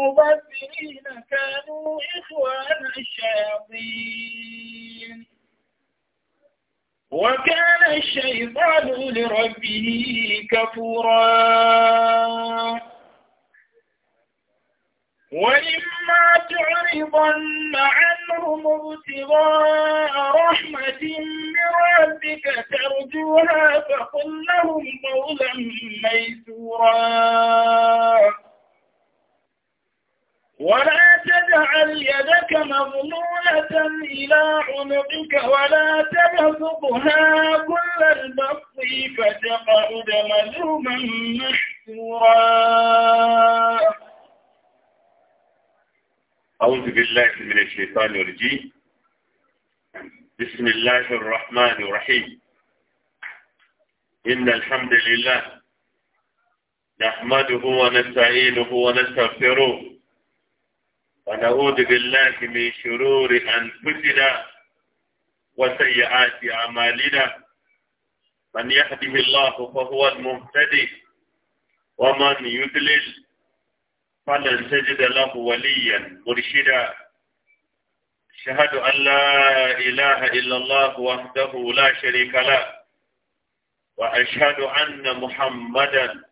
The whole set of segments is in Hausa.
المبذرين كانوا إخوان الشياطين وكان الشيطان لربه كفورا وإما تعرضن عنهم ابتغاء رحمة من ربك ترجوها فقل لهم قولا ميسورا ولا تجعل يدك مغلولة إلى عنقك ولا تبسطها كل البسط فتقعد ملوما محسورا أعوذ بالله من الشيطان الرجيم بسم الله الرحمن الرحيم إن الحمد لله نحمده ونستعينه ونستغفره ونعوذ بالله من شرور أنفسنا وسيئات أعمالنا من يهده الله فهو المهتدي ومن يدلل فلن تجد له وليا مرشدا أشهد أن لا إله إلا الله وحده لا شريك له وأشهد أن محمدا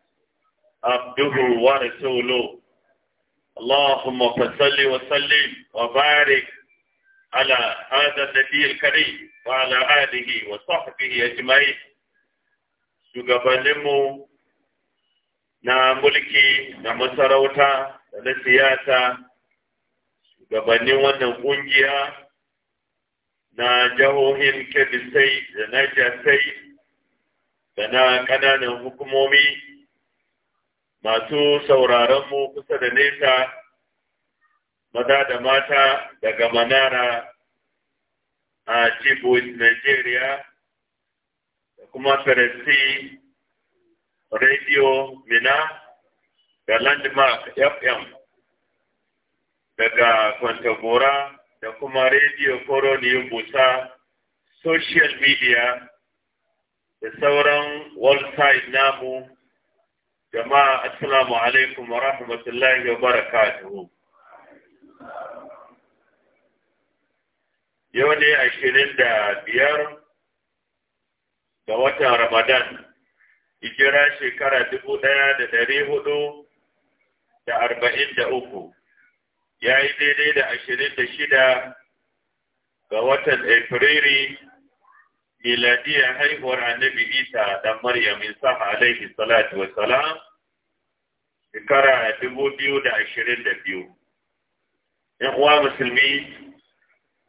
عبده ورسوله اللهم فصل وسلم وبارك على هذا النبي الكريم وعلى آله وصحبه أجمعين shugabanninmu na mulki da masarauta da na siyasa shugabannin wannan kungiya na jihohin kebbi da na jasai da na ƙananan hukumomi masu sauraron mu kusa da nesa maza da mata daga manara a Djibouti, Nigeria da kuma Feresti Radio Mina da Landmark FM daga Kwantagora da kuma Radio Koroniyin Busa social media da sauran side namu jama'a assalamu alaikum wa rahmatullahi wa barakatuhu yau ne ashirin da biyar ga watan ramadan hijira shekara dubu ɗaya da ɗari hudu da arba'in da uku ya yi daidai da ashirin da shida ga watan afrilu miladiyar haihuwar annabi isa da maryam isa alaihi salatu wa salam shekara dubu biyu da ashirin da biyu yan uwa musulmi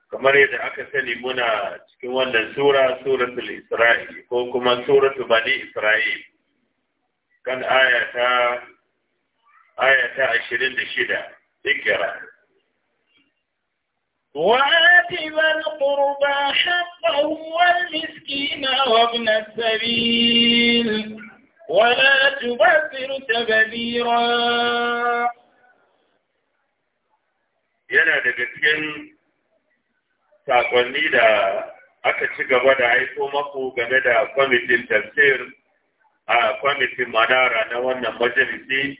kamar yadda aka sani muna cikin wannan sura suratul isra'il ko kuma suratul bani isra'il kan ayata ayata ashirin da shida ikira وآت ذا القربى حقه والمسكين وابن السبيل ولا تبذر تبذيرا yana daga cikin sakonni da aka ci gaba da aiko maku game da kwamitin tafsir a kwamitin manara na wannan majalisi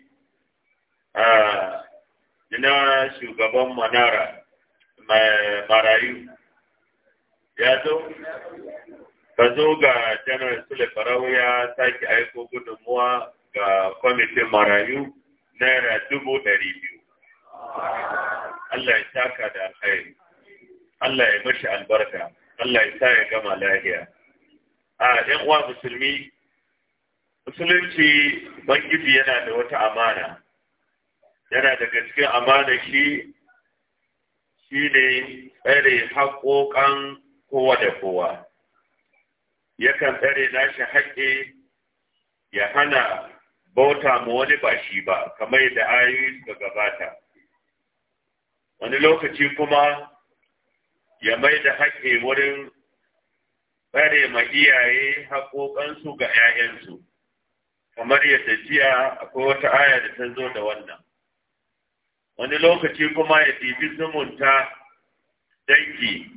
na shugaban manara marayu ya zo ka zo ga janar sule farau ya sake aiko gudunmuwa ga kwamitin marayu naira dubu ɗari biyu Allah ya taka da alkhairi Allah ya mashi albarka Allah ya sa gama lahiya a yan uwa musulmi musulunci bangiji yana da wata amana yana daga cikin amana shi shi ne tsare haƙoƙan kowa da kowa. Yakan tsare nashi haƙƙi ya hana bauta ma wani ba shi ba, kamar yadda ayoyi suka gabata. Wani lokaci kuma ya mai da haƙƙi wurin tsare ma iyaye haƙoƙansu ga ‘ya'yansu, kamar yadda jiya akwai wata aya da ta zo da wannan. wani lokaci kuma ya ɗibi zumunta dangi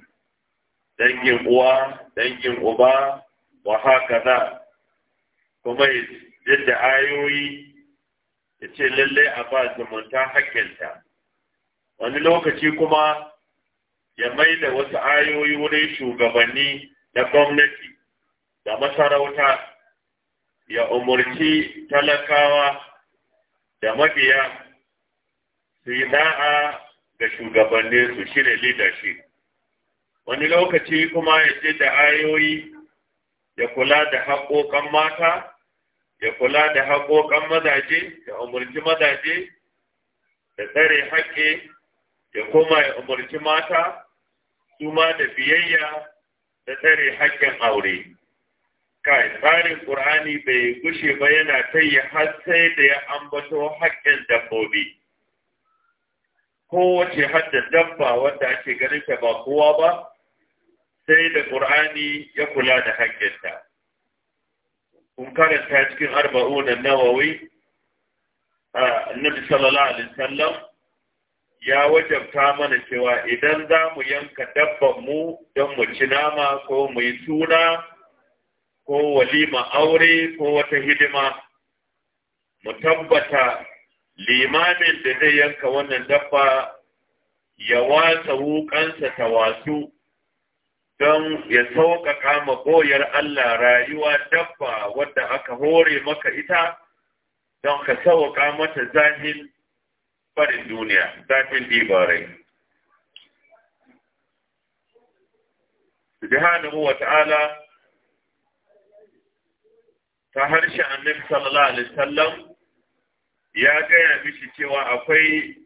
dangin uwa dangin uba wa haka za kuma yadda ayoyi ya ce lallai a ba zumunta haƙƙinta wani lokaci kuma ya mai da wasu ayoyi wurin shugabanni na gwamnati da masarauta ya umarci talakawa da mabiya rima'a da shugabannin su shine leadership wani lokaci kuma ya ce da ayoyi ya kula da haƙoƙan mata ya kula da haƙoƙan mazaje ya umarci mazaje da tsare haƙƙe ya koma ya umarci mata su ma da biyayya da tsare haƙƙin aure kai tsarin ƙur'ani bai gushe ba yana ta yi har sai da ya ambato haƙƙin dabbobi kowace hadda dabba wanda ake ganin ta ba kowa ba sai da ƙur'ani ya kula da haƙƙinta. Kun karanta cikin arba'u da nawawi, Annabi sallallahu alaihi sallam ya wajabta mana cewa idan za mu yanka dabban mu don mu ci nama ko mu yi suna ko walima aure ko wata hidima, mu tabbata limamin da zai yanka wannan dabba ya wasa wukansa ta wasu don ya sauƙaƙa magoyar Allah rayuwa dabba wadda aka hore maka ita don ka sauƙa mata zahin farin duniya, zahin dibarai. Subhanahu wa ta'ala ta harshe annabi sallallahu alaihi wasallam ya gaya mishi cewa akwai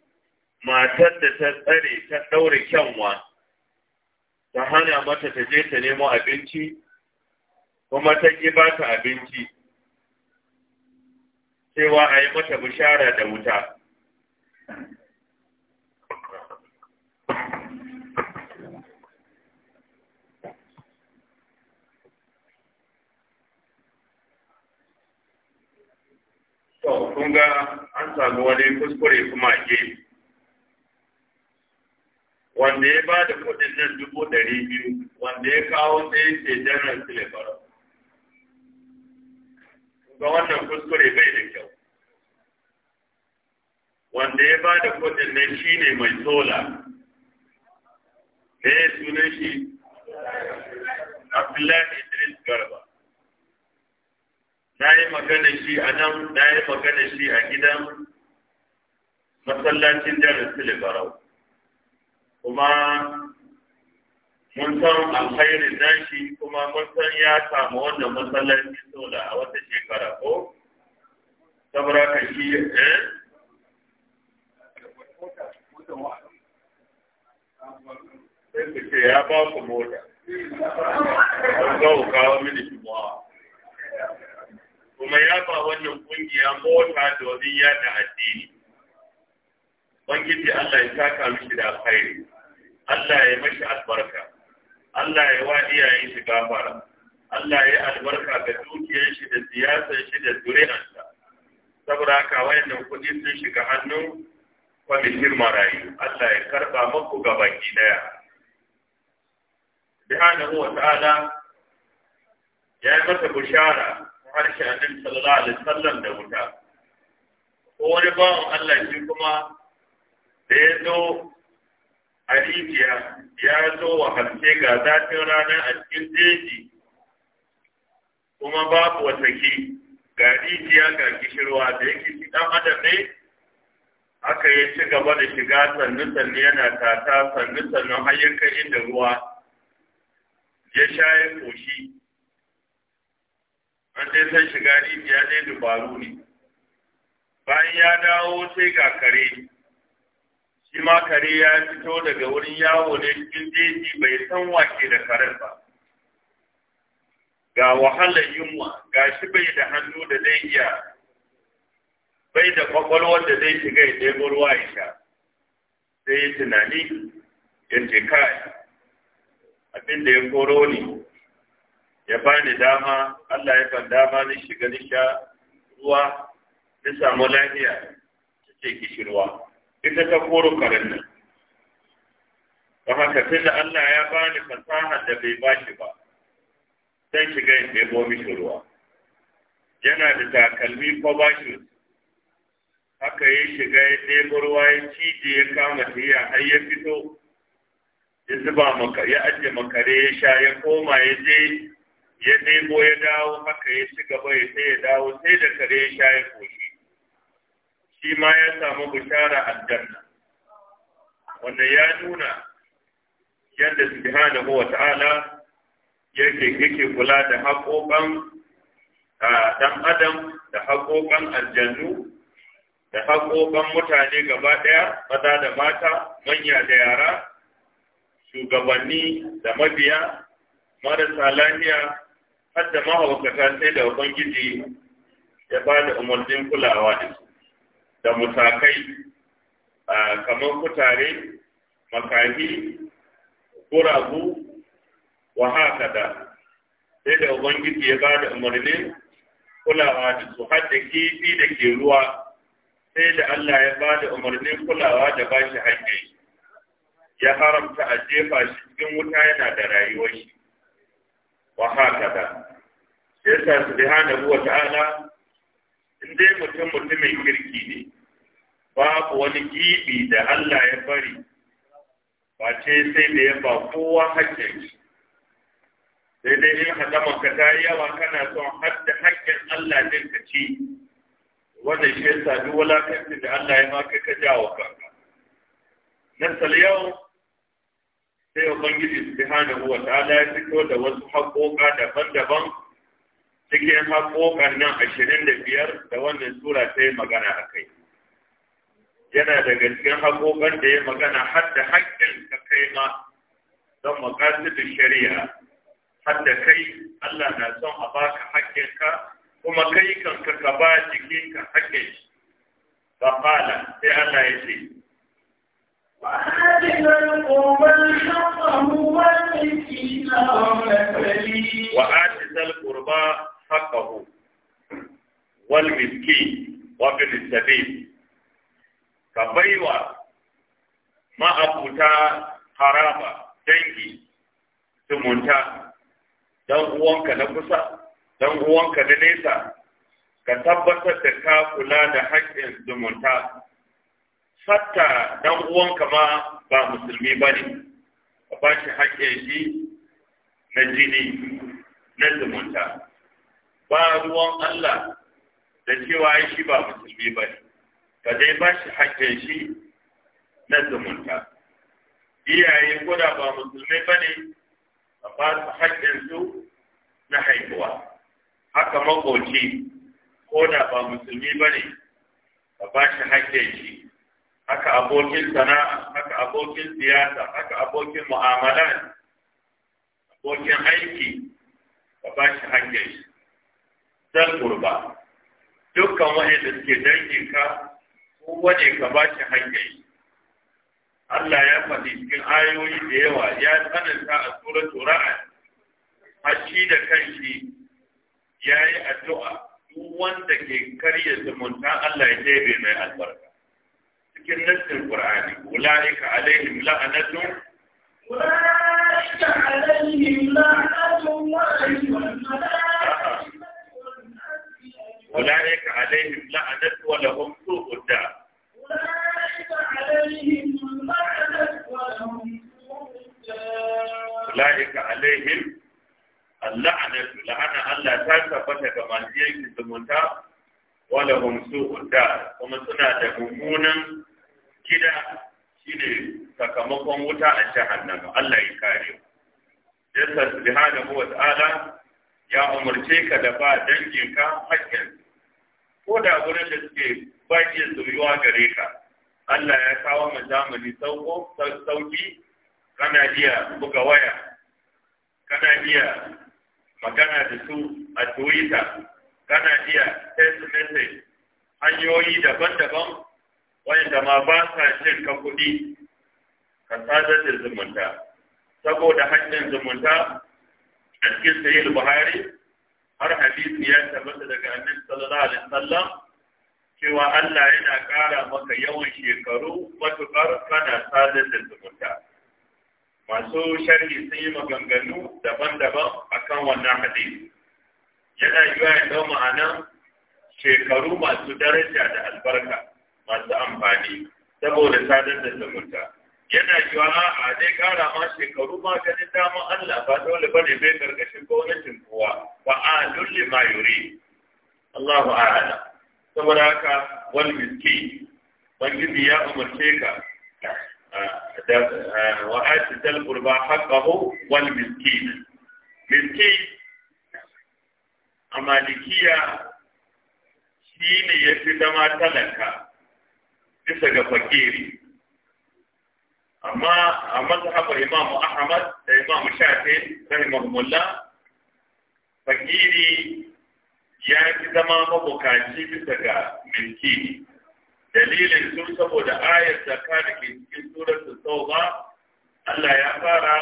matar da ta tsare ta ɗaure kyanwa ta hana mata ta je ta nemo abinci kuma ta ƙi ba ta abinci cewa a yi mata bishara da wuta to kun ga an samu wani kuskure kuma ke wanda ya ba da kudin nan dubu ɗari biyu wanda ya kawo tsaye ce janar silifar ga wannan kuskure bai da kyau wanda ya ba da kudin nan shi ne mai sola ne sunan shi abdullahi idris garba na yi magana shi a nan na yi magana shi a gidan masallacin jarin silibarau kuma mun san alkhairin nashi kuma mun san ya samu wannan masallaci sola a wata shekara ko saboda ka shi eh sai ku ce ya ba ku mota an kawo mini shimuwa kuma ya ba wannan kungiya mota domin yada addini. Bangiji Allah ya taka mishi da alkhairi, Allah ya mashi albarka, Allah ya wadiya yin shi gafara, Allah ya albarka ga dukiyar shi da siyasar shi da zuri'arsa. Saboda haka wayannan kuɗi sun shiga hannun kwamitin marayu, Allah ya karɓa muku ga baki daya. Bihanahu wa ta'ala ya yi masa bushara harshe annabi sallallahu alaihi wasallam da wuta ko wani bawan Allah shi kuma da ya zo a rijiya ya zo wa harshe ga zafin ranar a cikin jeji kuma babu wata ki ga rijiya ga kishirwa da yake shi dan adam ne aka yi ci gaba da shiga sannu sannu yana tata sannu sannu har ya kai inda ruwa ya sha ya koshi wanda san shiga rijiya ne dubaru ne bayan ya dawo sai ga kare shi ma kare ya fito daga wurin yawo ne cikin jeji bai san wake da karen ba ga wahalar yunwa ga shi bai da hannu da zai iya bai da kwakwalwar da zai shiga ya ɗaya ruwa ya sha sai ya tunani ya kai abin ya koro ne ya bani dama Allah ya ban dama ni shiga ni ruwa ni samu lafiya ta ce kishirwa ita ta koro karen nan haka da Allah ya bani fasaha da bai ba shi ba sai shiga in ɗebo mishi ruwa yana da takalmi ko shi haka ya shiga ya ɗebo ruwa ya cije ya kama tiya har ya fito ya zuba maka ya ajiye makare ya sha ya koma ya je ya nemo ya dawo haka ya ci gaba ya sai ya dawo sai da kare ya sha ya koshi shi ma ya samu bishara aljanna wanda ya nuna yadda subhanahu wa ta'ala yake yake kula da haƙoƙan dan adam da haƙoƙan aljannu da haƙoƙan mutane gaba ɗaya maza da mata manya da yara shugabanni da mabiya marasa lafiya har da mahaukata sai da ubangiji ya ba da umarnin kulawa da su da mutakai kamar kutare makahi guragu wa hakada sai da ubangiji ya ba da umarnin kulawa da su har kifi da ke ruwa sai da Allah ya ba da umarnin kulawa da ba shi haƙƙi ya haramta a jefa shi cikin wuta yana da rayuwar shi wa hakada yasa subhanahu wa ta'ala in dai mutum mutumin kirki ne babu wani gibi da Allah ya bari face sai da ya ba kowa hakkin shi sai dai in hadama yawa kana son hadda hakkin Allah din ka ci wannan shi yasa duk da Allah ya maka ka jawo kanka nasal yau sai ubangiji hana wa ta'ala ya fito da wasu haƙoƙa daban-daban cikin haƙoƙan nan ashirin da biyar da wannan sura ta yi magana a kai yana daga cikin haƙoƙan da ya magana har da haƙƙin ka kai ma don da shari'a har da kai Allah na son a baka ka, kuma kai kanka ka ba jikinka haƙƙin shi. Ba sai Allah ya ce, وآت ذا القربى حقه والمسكين وابن السبيل كبيوة ما أبوتا حرابة dangi zumunta dan uwanka na kusa dan uwanka na nesa ka tabbatar da ka kula da haƙƙin zumunta hatta dan uwanka ma ba musulmi ba ne ka ba shi haƙƙin shi na jini na zumunta ba ruwan Allah da cewa shi ba musulmi ba ne ka dai ba shi haƙƙin shi na zumunta iyaye ko da ba musulmi ba ne ba su haƙƙin su na haihuwa haka makoci ko da ba musulmi ba ne ba shi haƙƙin shi haka abokin sana'a haka abokin siyasa haka abokin mu'amala abokin aiki ka ba shi hanyar shi zan gurba dukkan wa'anda suke dangin ka, ko wane ka ba shi hanyar shi Allah ya faɗi cikin ayoyi da yawa ya tsananta a suratul a hashi da kanshi ya yi addu'a duk wanda ke karya zumunta Allah ya tebe mai albarka cikin nassin Qur'ani ulaika alaihim la'anatu ulaika alaihim la'anatu ulaika alaihim la'anatu wa lahum su'ud da ulaika alaihim la'anatu wa lahum ulaika alaihim la'anatu la'ana Allah ta tabbata ga masu yankin zumunta wala hum su'ud da kuma suna da mummunan Gida shi ne sakamakon wuta a jahannama Allah ya kare yasa subhanahu wa ta'ala ya umarce ka da ba danginka hakkin ko da gurin da suke baki soyuwa gare ka Allah ya kawo mu zamani sauko sauki kana iya buga waya kana iya magana da su a Twitter kana iya text message hanyoyi daban-daban wanda ma ba sa ka kuɗi ka sadar da zumunta saboda haƙƙin zumunta a cikin sahih buhari har hadisi ya tabbata daga annabi sallallahu alaihi wasallam cewa Allah yana ƙara maka yawan shekaru matuƙar kana sadar da zumunta masu sharhi sun yi maganganu daban-daban akan wannan hadisi yana yiwa ya ma'ana shekaru masu daraja da albarka masu amfani saboda sadar da zumunta yana cewa a'a dai kara ma shekaru ma ganin dama Allah ba dole bane bai karkashin gwamnatin kowa ba a dole ma yuri Allahu a'ala saboda haka wal miski bangiji ya umarce ka Da wa ati dal qurba haqqahu wal miskin miskin amalikiya shine yafi zama talaka bisa ga fakiri amma a mazhabar imamu ahmad da imamu shafi rahimahumullah fakiri ya fi zama mabukaci bisa ga milki dalilin sun saboda ayar zakka da ke cikin surar su Allah ya fara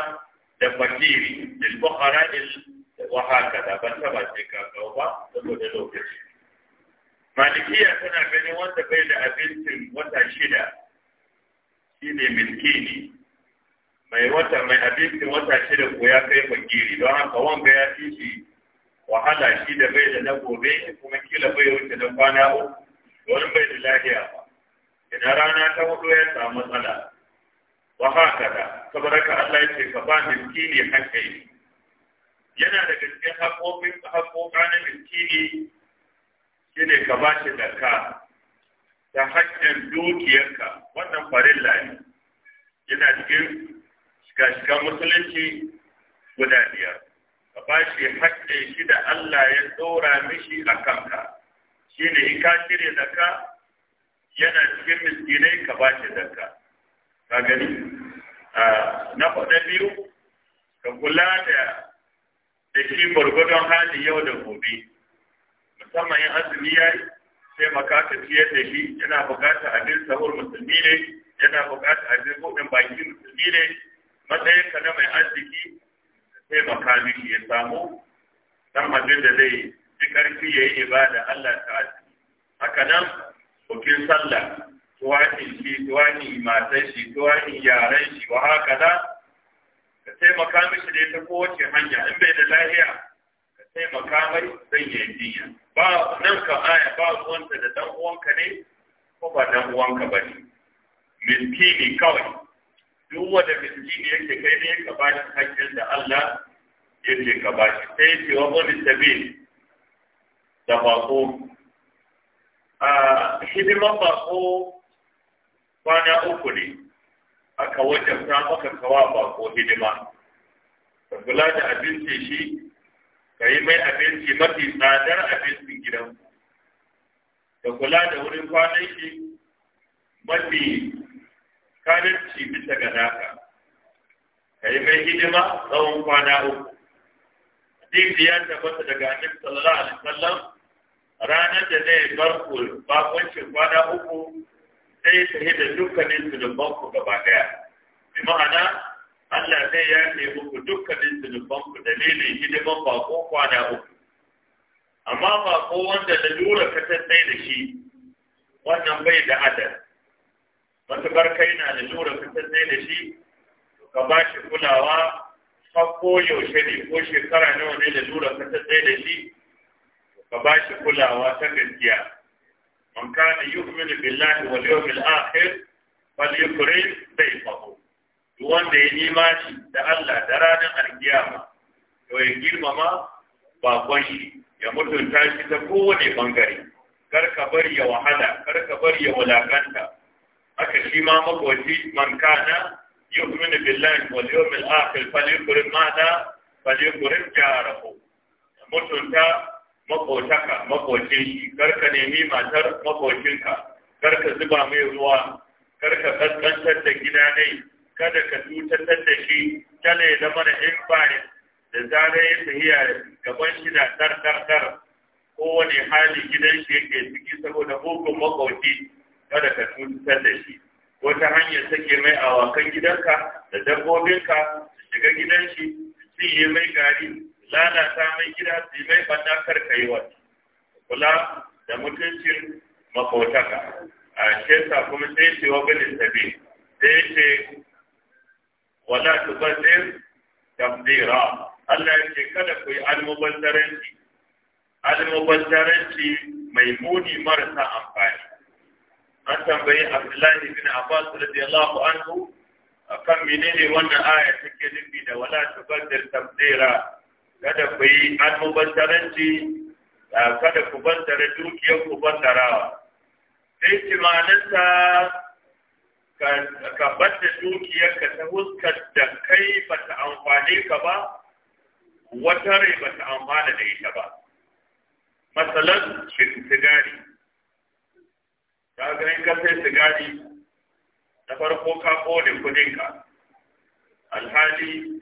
da fakiri lil bukhara il wa haka da ban taba ce ka ba saboda lokaci malikiya tana ganin wanda bai da abincin wata shida shi ne miskini mai wata mai abincin wata shida ko ya kai fakiri don haka wanga ya fi shi wahala shi da bai da na gobe kuma kila bai wuce na kwana uku wani bai da lahiya ba idan rana ta hudu ya samu matsala wa haka da saboda Allah ya ce ka ba miskini hakkai yana da cikin haƙoƙin haƙoƙa na miskini shine ka ba shi da ka? ta haƙƙin dukiyarka wannan farilla ne yana cikin shiga-shigan musulunci guda biyar ka ba shi haƙƙin shi da Allah ya tsora mishi a kanka shi ne in ka cire ka yana cikin miskinai ka ba shi da ka gani na faɗa biyu ka kula da da shi gwargwadon hali yau da gobe musamman yin azumi ya yi sai makaka fiye da shi yana buƙatar abin sahur musulmi ne yana buƙatar abin buɗin baki musulmi ne matsayin ka na mai arziki sai makami shi ya samu dan abin da zai ji karfi ya yi ibada Allah ta azumi haka nan bukin sallah tuwani shi tuwani matan shi tuwani yaren shi wa haka nan ka taimaka mishi ne ta kowace hanya in bai da lahiya sai makamai zai yi jinya ba nan ka aya ba ruwanta da dan uwanka ne ko ba dan uwanka ba ne miskini kawai duk wanda miskini yake kai ne ka ba shi hakkin da Allah yake ka ba shi sai yake wa bani sabil da bako a hidiman bako kwana uku ne aka wajen maka kawa bako hidima ka kula da abinci shi ka yi mai abinci mafi tsadar abincin gidan da kula da wurin kwanan shi mafi karanci bisa ga naka ka yi mai hidima tsawon kwana uku hadisi ya tabbata daga annabi sallallahu alaihi wasallam ranar da zai bar ku bakoncin kwana uku sai ta hidda dukkanin su da banku gaba daya bi ma'ana Allah zai yafe muku dukkanin zunubanku dalilin hidiman bako kwana uku. Amma bako wanda lura ka tattai da shi, wannan bai da adal. Matuƙar kai na da lura ka tattai da shi, ka ba shi kulawa sako yaushe ne ko shekara nawa ne lura ka tattai da shi, ka ba shi kulawa ta gaskiya. Man kana yu'minu billahi wal yawmil akhir falyukrim bayfaq. wanda ya yi imani da Allah da ranar alkiyama to ya girmama bakon shi ya mutunta shi ta kowane bangare kar ka bari ya wahala kar ka bari ya wulakanta haka shi ma makoci man kana yu'minu billahi wal yawmil akhir falyukrim mada falyukrim jarahu mutunta makotaka makocin shi kar ka nemi matar makocinka kar ka zuba mai ruwa kar ka kaskantar da gida ne kada ka cutar da shi tale da mana da bani da zarar ya tafiya gaban shi na dar dar dar kowane hali gidan shi yake ciki saboda hukun makauci kada ka cuta da shi ta hanyar take mai awakan gidanka da dabbobinka su shiga gidan shi su yi mai gari lalata mai gida su yi mai banna kar ka yi kula da mutuncin makotaka a shesa kuma sai ce wa bilin sabi sai ce wala tubazzir tabdira Allah yake kada ku yi almubazzaranci almubazzaranci mai muni marasa amfani an tambayi Abdullahi bin Abbas radiyallahu anhu akan menene wannan aya take nufi da wala tubazzir tabdira kada ku yi almubazzaranci kada ku bantara dukiyar ku bantarawa sai ki ta ka da dukiyarka ta huskar da kai ba ta amfane ka ba wata rai ba ta amfana da ita ba matsalar sigari ta ganin ka sigari na farko ka kone kudinka alhali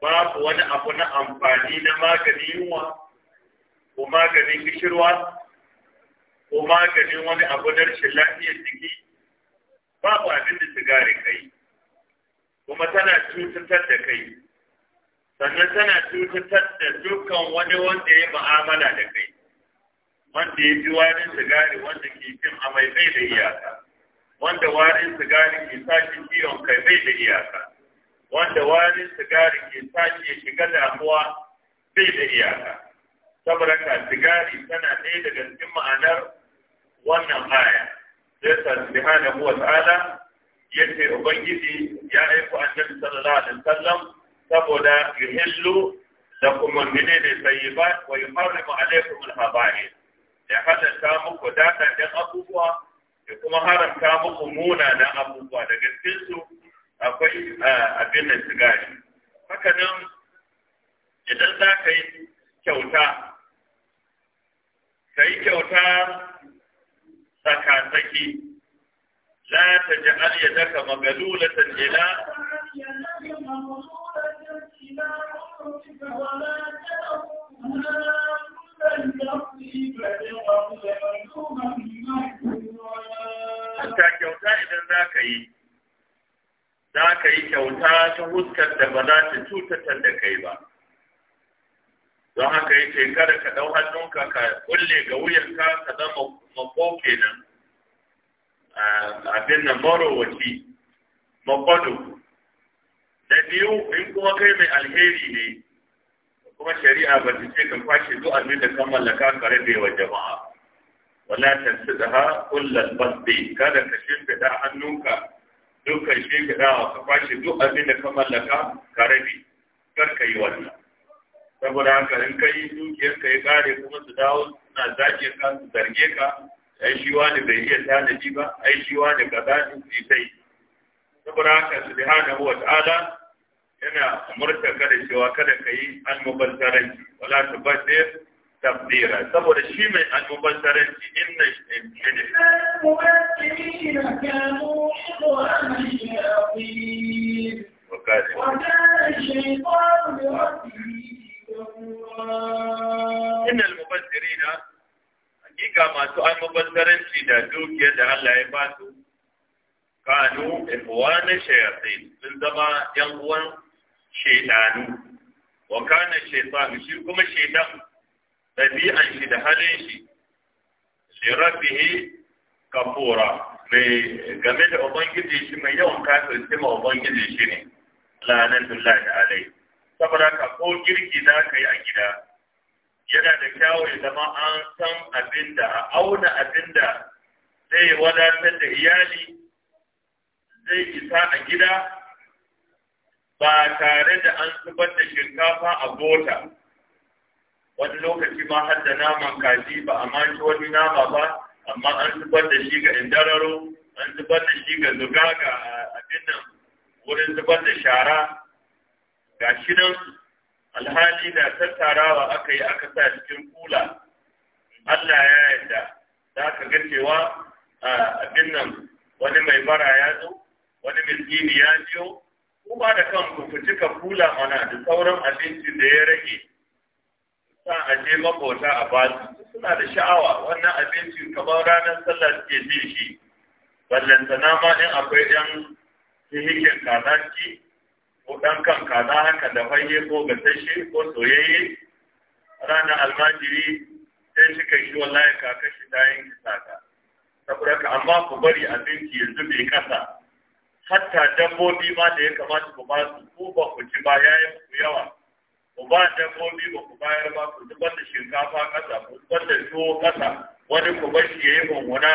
babu wani abu na amfani na maganin yunwa ko maganin gishirwa ko maganin wani abu na rashin lafiyar jiki babu abinda da sigari kai kuma tana cutar da kai sannan tana cutar da dukkan wani wanda ya ma'amala da kai wanda ya ji warin sigari wanda ke cin amai bai da iyaka wanda warin sigari ke sashi ciwon kai bai da iyaka wanda warin sigari ke sashi ya shiga damuwa bai da iyaka saboda ka sigari tana ɗaya daga cikin ma'anar wannan aya yadda subhanahu huwa ta'ala yace ubangiji ya aiko annabi sallallahu alaihi wasallam saboda yuhillu ne sai ba wa yuharrimu alaykum al da ya halatta muku data dan abubuwa da kuma haramta muku da abubuwa daga cikin akwai abin da sigari haka nan idan za ka yi kyauta ka yi kyauta tsaka la ta ji har ya magalulatan ila ta kyauta idan za ka yi kyauta ta huskar da ba za ta cutatar da kai ba don haka yake kada ka ɗau hannunka ka kulle ga wuyanka ka zama farko kenan abin nan marowaci makwado na biyu in kuma kai mai alheri ne kuma shari'a ba ta ce ka kwashe duk abin da kan mallaka ka da yawan jama'a wala tansidaha kullal basdi kada ka shimfida hannunka dukkan shimfidawa ka kwashe duk abin da ka mallaka ka da kar ka yi wannan saboda haka in ka yi dukiyar ka ya kare kuma su dawo suna zage ka su zarge ka ai shi wani bai iya tanadi ba ai shi wani kaza ne sai saboda haka subhanahu wa ta'ala yana umurta kada cewa kada ka yi almubazzaranci wala tubazzir tabdira saboda shi mai almubazzaranci inna shi ne وكان الشيطان لربه كفورا إن المبذرين ga masu almubazzaranci da dukiyar da Allah ya ba su kanu na shayatin sun zama yan uwan shaydanu wa kana shaytan shi kuma shaytan dabi'an shi da halin shi li rabbihi kafura mai game da ubangiji shi mai yawan kafin ma ubangiji shi ne lanatullahi alai saboda ka ko girki za ka yi a gida yana da kyawu zama an san abin da a auna abin da zai wadatar da iyali zai isa a gida ba tare da an zubar da shinkafa a bota. wani lokaci ma har da naman kaji ba a manci wani nama ba amma an zubar da shi ga indararo an zubar da shi ga zuga ga abin nan wurin zubar da shara ga shi nan alhali da tattarawa aka yi aka sa cikin kula Allah ya yarda za ka ga cewa abin nan wani mai bara ya zo wani miskini ya biyo kuma da kan ku cika kula mana da sauran abinci da ya rage sa a je makota a su suna da sha'awa wannan abincin kamar ranar sallah suke ci shi ballantana ma in akwai yan cikin kazanci ko ɗan kan ka kaza haka da fage ko gasashe ko soyayye Rana almajiri sai shi kai shi wallahi kaka shi dayan kisaka saboda ka amma ku bari abinci yanzu bai kasa hatta dabbobi ma da ya kamata ku ba su ku ba ku ci ba yayi ku yawa ku ba dabbobi ba ku bayar ba ku zubar da shinkafa kasa ku zubar da tuwo kasa wani ku bar shi yayi mummuna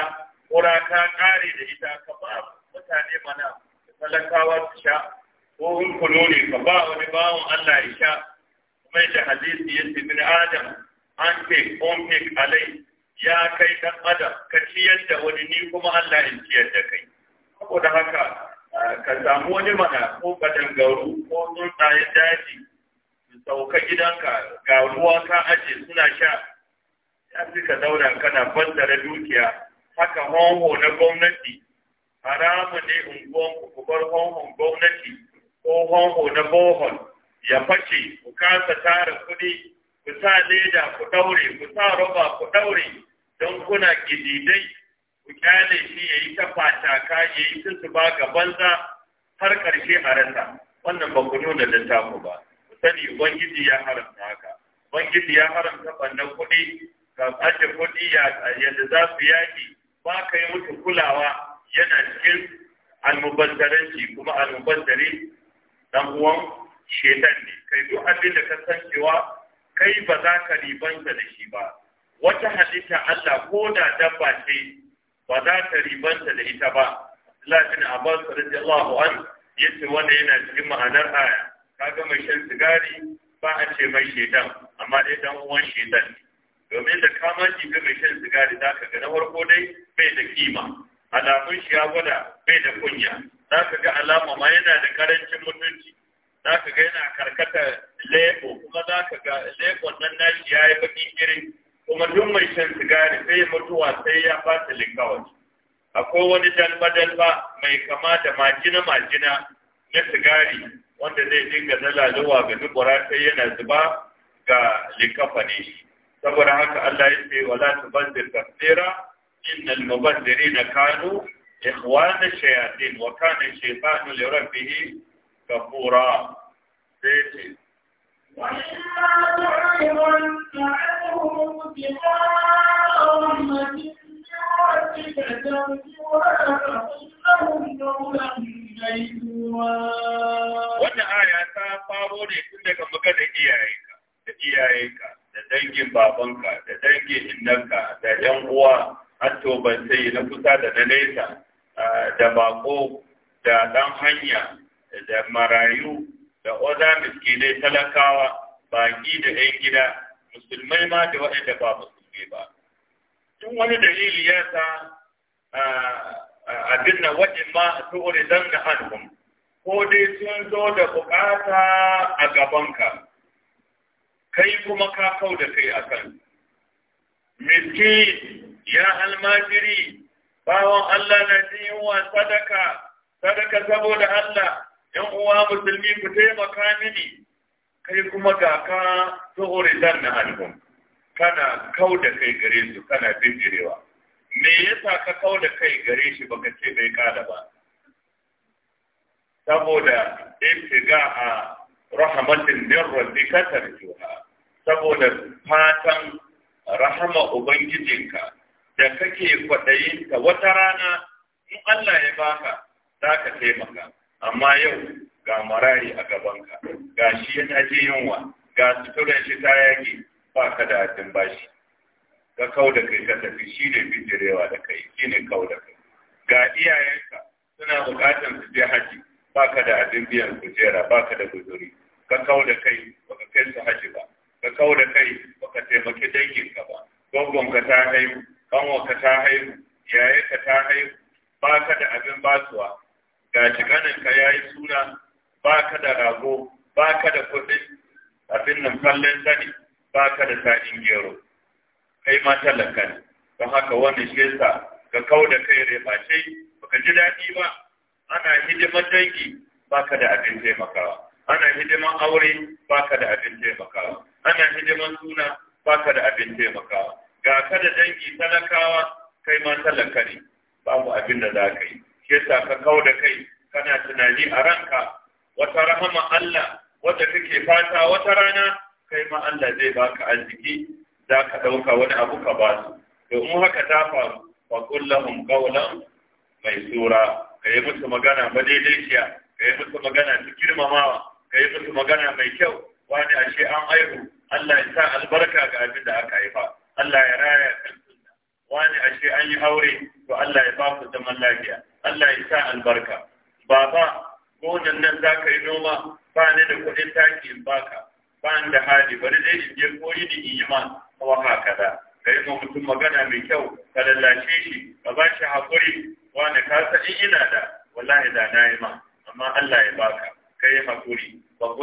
ra ka kare da ita ka ba mutane mana talakawa su sha ko in kulo ne ka ba wani bawan Allah ya sha kuma ya hadisi ya ce bin Adam an ce alai ya kai dan Adam ka ciyar da wani ni kuma Allah ya ciyar da kai saboda haka ka samu wani mana ko garu ko tsaye daji sauka gidanka ga ruwa ka aje suna sha ya fi ka zauna kana bandara dukiya haka honho na gwamnati haramu ne unguwanku ku bar honhon gwamnati tsohon na bohol ya fashe ku kasa tara kuɗi ku sa leda ku ɗaure ku sa roba ku ɗaure don kuna gididai ku kyale shi ya yi ta fataka ya yi tusuba ga banza har ƙarshe a rasa wannan ba ku nuna littafi ba ku sani ubangiji ya haramta haka ubangiji ya haramta ɓannan kuɗi ga ɓace kuɗi yadda za su yaƙi ba ka yi mutu kulawa yana cikin almubazzaranci kuma almubazzari dan uwan shetan ne kai duk abin da ka san cewa kai ba za ka ribanta da shi ba wata halitta Allah ko da dabba ce ba za ka ribanta da ita ba lakin Abbas radiyallahu anhu yace wanda yana cikin ma'anar aya kaga mai shan sigari ba a ce mai shetan. amma dai dan uwan shetan ne domin da kama jibi mai shan sigari za ka ga na farko dai bai da kima alamun shi ya gwada bai da kunya za ka ga alama ma yana da karancin mutunci za ka ga yana karkata lebo kuma za ka ga lebo nan nashi ya yi baki kiri kuma duk mai shan sigari sai ya mutuwa sai ya ta likawar akwai wani dalba-dalba mai kama da majina-majina na sigari wanda zai dinga zalalowa ga dubura sai yana zuba ga likafa ne saboda haka Allah ya ce wala tubazzir tafsira innal mubazzirina kanu ikhwana الشياطين وكان الشيطان لربه كفورا سيتي kafura Wannan aya ta faro ne tun daga muka da iyayenka, da iyayenka, da dangin babanka, da dangin innanka, da ‘yan uwa, hatto ban na kusa da na nesa, da bako da ɗan hanya da marayu da oza miskinai talakawa baƙi da 'yan gida musulmai ma da waɗanda ba musulmi ba tun wani dalili ya sa abin na wajen ma tuwuri zan na hannun ko dai sun zo da buƙata a gabanka kai kuma ka kau da kai a kan miskin ya almajiri bawan Allah na ji yunwa sadaka sadaka saboda Allah yan uwa musulmi ku taimaka mini kai kuma ga ka tsohori dan na album kana kau da kai gare su kana bijirewa me yasa ka kau da kai gare shi baka ce bai kada ba saboda in ibtiga a rahmatin min rabbika juha, saboda fatan rahama ubangijinka da kake kwaɗayin ka wata rana in Allah ya baka za ka taimaka amma yau ga marari a gabanka ga shi yana taje yunwa ga suturan shi ta yaki ba ka da hatin bashi ka kau da kai ka tafi shi ne bijirewa da kai shi ne kau da kai ga iyayenka suna buƙatar su je haji ba ka da abin biyan kujera ba ka da guzuri ka kau da kai ba ka kai su haji ba ka kau da kai ba ka taimaki danginka ba gwangwanka ta haihu ka ta haihu yayarka ta haihu ba ka da abin basuwa ga shiganinka ya yi suna ba ka da rago ba ka da kuɗin abin nan kallon sani ba ka da sa'in gero kai ma talaka ne don haka wannan shi yasa ka kau da kai rebace baka ji daɗi ba ana hidimar dangi ba ka da abin taimakawa ana hidiman aure ba ka da abin taimakawa ana hidiman suna ba ka da abin taimakawa ga ka da dangi talakawa kai ma talaka ne babu abin da za ka yi Ke yasa ka kau da kai kana tunani a ranka wata rahama Allah wata kake fata wata rana kai ma Allah zai baka arziki za ka ɗauka wani abu ka ba su domin haka ta faru fa kullahum qawlan mai sura kai musu magana madaidaiciya kai musu magana ta girmamawa kai musu magana mai kyau wani ashe an aihu Allah ya sa albarka ga abin da aka haifa Allah ya raya kan wani ashe an yi aure to Allah ya ba ku zaman lafiya Allah ya sa albarka baba gonan nan za ka yi noma ba ni da kuɗin taki in baka ba ni da hali bari zai in je koyi da in yi ma waka kaza ka yi ma mutum magana mai kyau ka lallace shi ka ba shi haƙuri wani ka san in ina da wallahi da na yi ma amma Allah ya baka ka yi haƙuri kullum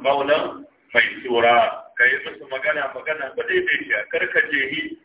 kullahum mai maysura ka yi musu magana magana ba madaidaiciya kar ka jehi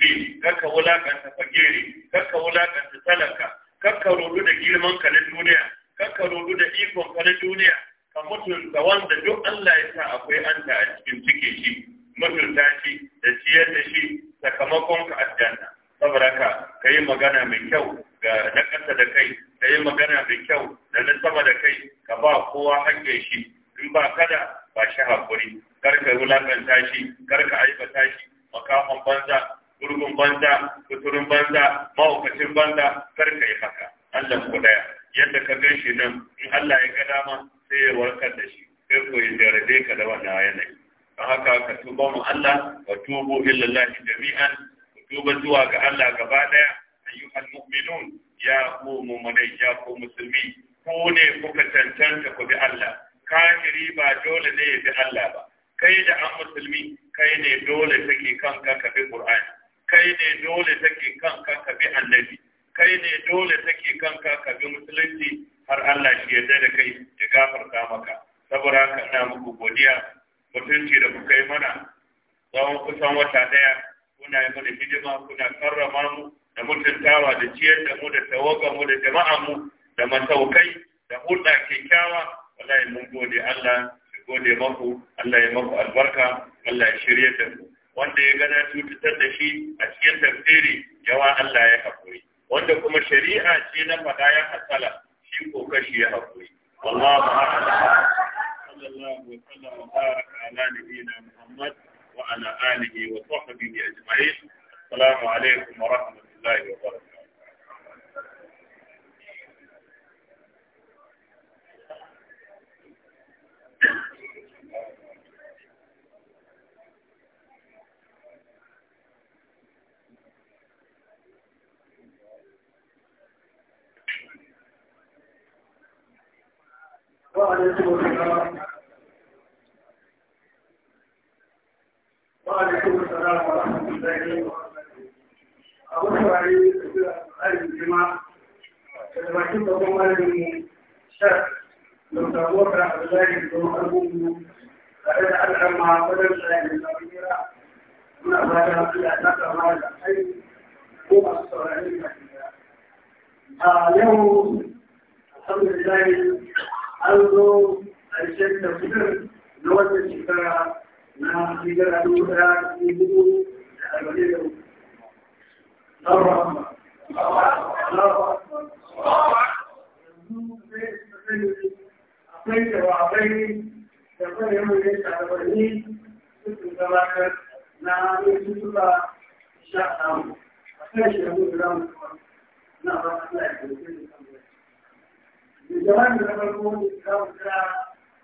hi kar ka wulakanta fagere kar ka wulakanta talaka kar ka rudu da girman ka na duniya kar ka rudu da ikon ka na duniya ka mutunta wanda duk Allah ya sa akwai anta a cikin cike shi mutunta shi da ciyar da shi sakamakon ka aljanna saboda ka ka yi magana mai kyau ga na ƙasa da kai ka yi magana mai kyau da na sama da kai ka ba kowa hakkin shi in ba kada ba shi haƙuri karka wulakanta shi karka aibata shi makaman banza gurgun banza kuturin banza mahaukacin banza karka yi haka Allah ku daya yadda ka gan shi nan in Allah ya ga dama sai ya warkar da shi sai ko ya jarabe ka da wannan yanayi don haka ka tuba mu Allah wa tubu illallahi jami'an ku tuba zuwa ga Allah gaba daya ayyuhal mu'minun ya ku mu'minai ya ku musulmi ku ne kuka cancanta ku bi Allah kafiri ba dole ne ya bi Allah ba kai da an musulmi kai ne dole take kanka ka bi Qur'ani kai ne dole take kanka ka bi annabi kai ne dole take kanka ka bi musulunci har Allah shi yarda da kai ya gafarta maka saboda haka ina muku godiya mutunci da kuka yi mana tsawon kusan wata daya kuna yi mana hidima kuna karrama mu da mutuntawa da ciyar da mu da tawaga mu da jama'a mu da masaukai da hulɗa kyakkyawa wallahi mun gode Allah gode maku Allah ya maku albarka Allah ya shirye ku wanda ya gana cutar da shi a cikin tafsiri yawa Allah ya haƙuri wanda kuma shari'a ce na faɗa ya hasala shi ko kashi ya haƙuri wallahu a'lam sallallahu wa sallam wa baraka ala Muhammad wa ala alihi wa sahbihi ajma'in assalamu alaikum wa rahmatullahi wa barakatuh وعليكم السلام وعليكم السلام ورحمة الله وبركاته أبو سعيد أهل الجماعة لما كنت أقوم أهل الشاب لو تقول عبد الله بن أبوه فإن أدعم مع قدم شيئا من من أبواب في أعتقد مع الحي هو الصلاة اليوم الحمد لله an zo ƙarshen da fitar na wannan shekara na shekara dubu ɗaya da dubu da Akwai da Akwai da kwarewa ne shahararri suka gabatar na yanzu suka sha samu. Akwai shekaru da zamu na ba su na yanzu. shugaban da na farko da kawo ta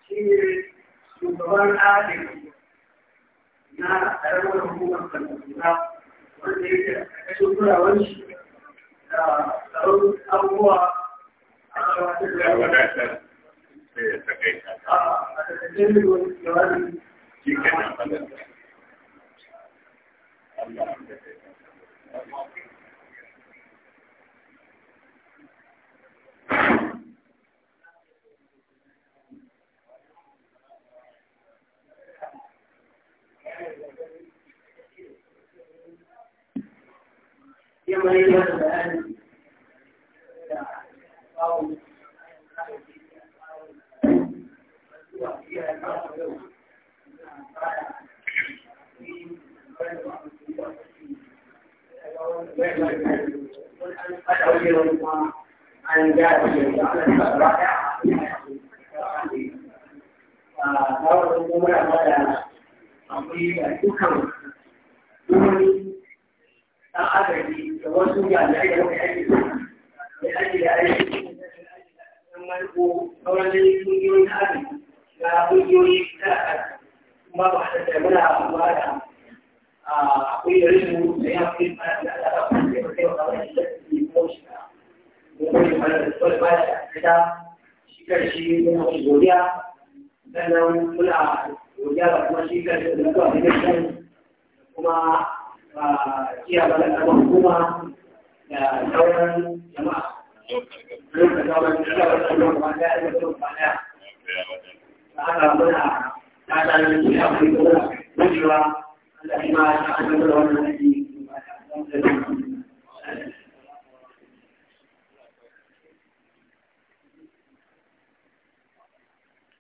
shi ne shugaban adalci na ƙaramar hukumar kalmar wanda a ƙashin turawar shi da tsaron abubuwa a shawatar da wadatar a takaitar da wani a shi kenan 因为人们高，如果别人高没有，当然你跟我比较近，我也没我按照这种方，按家的这个老家，啊，然后我们我们我们，我们也不看，因为。an agaji da wasu jami'ai da wani aiki da aiki da aiki da marko sauran da kungiyoyin agaji na kungiyoyi ta agaji kuma ba ta da muna ba da akwai da rashin da ya fi mana da alaƙa da ya fi yawa wani da ke kuma shi na wani mana da kawai ba da ta shi karshe yana shi godiya sannan muna godiya ga kuma shi karshe da kuma da kuma kiyaye da hukuma da sauran jama'a. Lokacin da wani kiyaye da hukuma da ya zo ba ya. Haka muna ta tsarin da ya fi kuma gujewa da kuma ta hanyar da wannan aiki.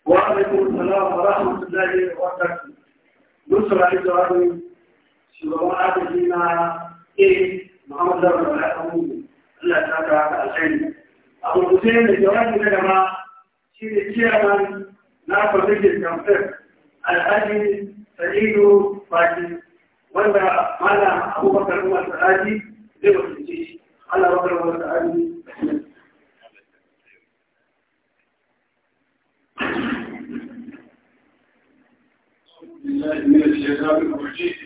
وعليكم السلام ورحمة الله وبركاته. نصر على الجواب shugaban adadi na irin Muhammadu Zarar da ya Allah ta ka haka alkhairi. A da jawabi na gaba shi ne ciyaman na kwamitin kamfen alhaji Sa'idu Fati wanda mana abubakar Umar Sa'adi zai wakilce shi. Allah bakar Umar Sa'adi بالله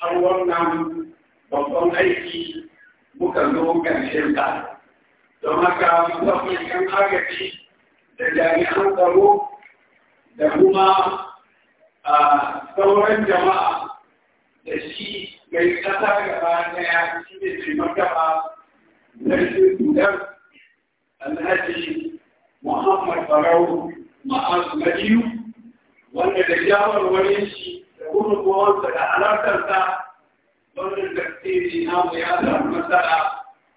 har wannan babban aiki muka zo ƙarshen ta don haka musamman yan agaji da jami'an tsaro da kuma sauran jama'a da shi mai ƙasa gaba ɗaya shi ne mai martaba sarkin sudan alhaji muhammad barau ma'azu madiyu wanda da shawarwarin shi gudunmuwarsa da alaƙarsa wannan tafsiri namu ya samu matsala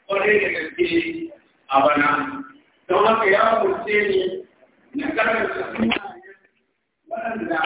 kwarai da gaske a bana don haka ya kurce ni na